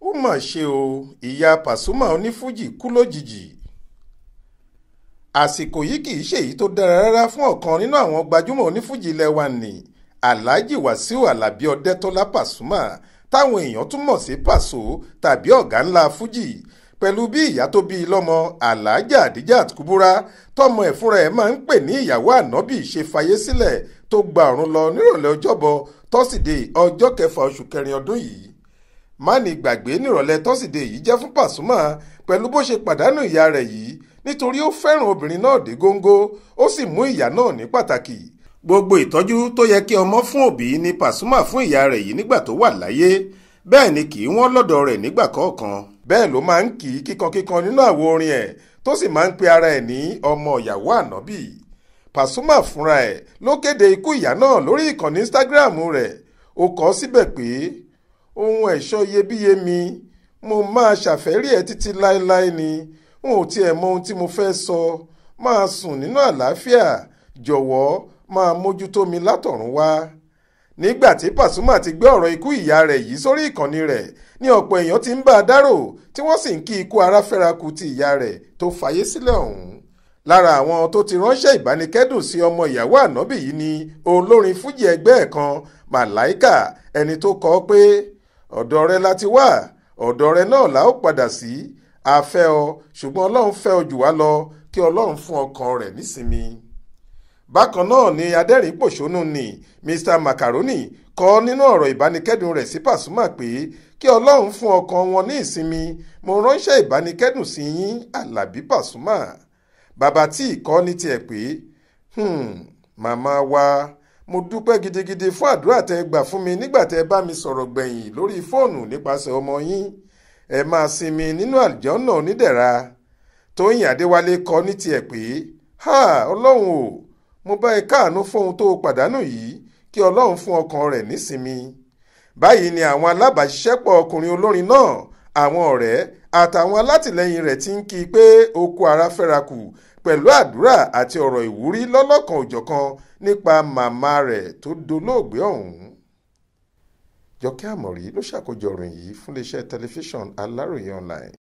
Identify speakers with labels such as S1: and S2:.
S1: ó mà ṣe o ìyá pasuma onífújì kú lójijì àsìkò yìí kì í ṣe èyí tó dára rárá fún ọ̀kan nínú àwọn gbajúmọ̀ onífújì ilẹ̀ wa ní alhaji wasiu alabi ọdẹtọlá pasuma táwọn èèyàn tún mọ̀ sí paso tàbí ọ̀gá ńlá fújì pẹ̀lú bí ìyá tó bí i lọ́mọ alhaja adijat kubura tọmọ ẹ̀ fúnra ẹ̀ máa ń pè ní ìyàwó ànábì ṣe fàyè sílẹ̀ tó gba ọ̀run lọ nírọ̀lẹ́ ọjọ́bọ tọ́sídẹ̀ẹ́ ọjọ́ kẹfà oṣù kẹrin ọdún yìí mánì gbàgbé nírọ̀lẹ́ tọ́sídẹ̀ẹ́ yìí jẹ́ fún Pasuma pẹ̀lú bó ṣe pàdánù ìyá rẹ̀ yìí nítorí ó fẹ́ràn obìnrin náà dé góńgó ó sì mú ìyá náà ní pàtàkì gbogbo ìtọ́jú tó yẹ kí ọmọ fún òbí ni Pasuma fún ìyá rẹ̀ yìí nígbà tó wà láyé bẹ́ẹ̀ ni kì í wọ́n lọ́dọ̀ rẹ̀ nígbà kọ̀ọ̀kan bẹ́ẹ̀ ló máa ń kì í kíkankíkan nínú àwo orin ẹ̀ tó sì máa ń pe ara ẹ̀ ní ọmọ ìyàwó ànábì Pasuma fúnra ẹ̀ ló kéde ikú ìyá náà lórí ìkànnì Instagram rẹ̀ ó kọ síbẹ̀ pé ohun ẹ̀ṣọ́ iyebíye mi mo máa ṣàfẹ́rí ẹ̀ títí láéláé ni n ò tiẹ̀ mọ ohun tí mo fẹ́ sọ máa sùn nínú àlàáfíà jọ̀wọ́ máa mójútó mi látọ̀run wá nígbà tí Pasuma ti gbé ọ̀rọ̀ ikú ìyá rẹ̀ yìí sórí ìkànnì rẹ̀ ní ọ̀pọ̀ èèyàn ti ń bá a dárò tí wọ́n sì ń kí ikú aráfẹ́raku ti ìyá rẹ̀ tó fàyè sílẹ̀ ọ̀hún lára àwọn tó ti ránṣẹ́ ìbánikẹ́dùn sí ọmọ ìyàwó ànábì yìí ni olórin fújì ẹgbẹ́ ẹ̀ kan Màláìkà ẹni tó kọ pé ọ̀dọ̀ rẹ la ti wá ọ̀dọ̀ rẹ náà la ó padà sí a fẹ́ ọ ṣùgbọ́n ọlọ́run fẹ́ ọ jù wá lọ kí ọlọ́run fún ọkàn rẹ̀ nísinmi bákan náà ni adẹ́rìn pòṣónú ni mr macaroni kọ nínú ọ̀rọ̀ ìbánikẹ́dùn rẹ̀ sí Pasuma pé kí ọlọ́run fún ọkàn wọn ní ìsinmi mo ránṣẹ́ ìbánikẹ́dùn sí yín alábí Pasuma bàbá tí ìkọ́ ní tiẹ̀ pé hmm, màmá wa mo dúpẹ́ gidigidi fún àdúrà tẹ gbà fún mi nígbà tẹ bá mi sọ̀rọ̀ gbẹ̀yìn lórí fóònù nípasẹ̀ ọmọ yín ẹ máa sinmi nínú àlùjànnà onídẹ̀ra tóyìn adéwálé kọ ní tiẹ̀ pé ha ọlọ́run o mo bá ẹ káàánú fóhun tó pàdánù yìí kí ọlọ́run fún ọkàn rẹ̀ nísinmi báyìí ni àwọn alábàáṣiṣẹ́pọ̀ ọkùnrin olórin náà àwọn ọ̀rẹ́ àtàwọn alátìlẹyìn rẹ̀ ti ń kí i pé ó ara fẹ́ra kù pẹ̀lú àdúrà àti ọ̀rọ̀ ìwúrí lọ́lọ́kan òjọ̀kan nípa màmá rẹ̀ tó dolóògbé ọ̀hún. Jọkẹ́ Àmọ̀rí ló ṣàkójọ ìròyìn yìí fún iléeṣẹ́ tẹlifíṣàn Aláròye online